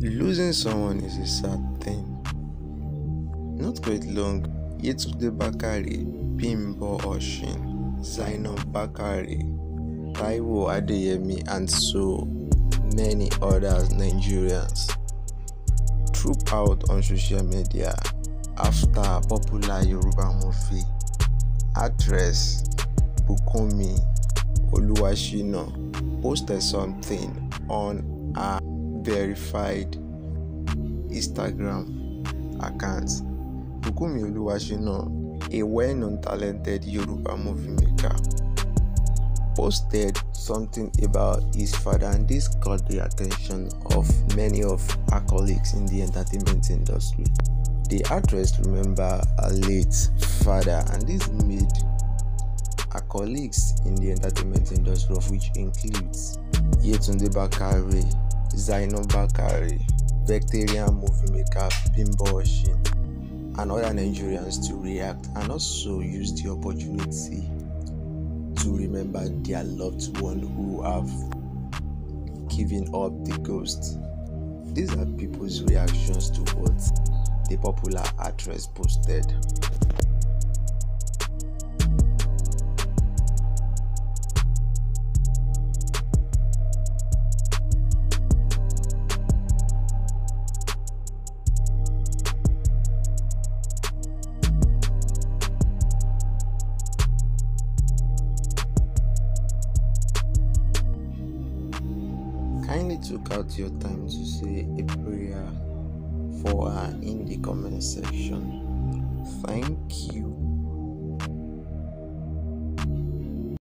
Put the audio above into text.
Losing someone is a sad thing. Not quite long, Yetunde Bakari, Bimbo Oshin, Zainab Bakari, Taiwo Adeyemi, and so many others Nigerians troop out on social media after popular Yoruba movie actress Bukunmi Oluwashina posted something on her verified Instagram account. Bùkúnmi Olúwaṣínà, a well-known talented Yoruba movie maker, posted something about his father and this caught the attention of many of her colleagues in the entertainment industry. The actress remembered her late father and this made her colleagues in the entertainment industry of which includes Yetunde Bakare, Zaino Bakari, Vectarian movie maker Bimbo and other Nigerians to react and also use the opportunity to remember their loved one who have given up the ghost. These are people's reactions to what the popular actress posted. Kindly took out your time to say a prayer for her in the comment section. Thank you.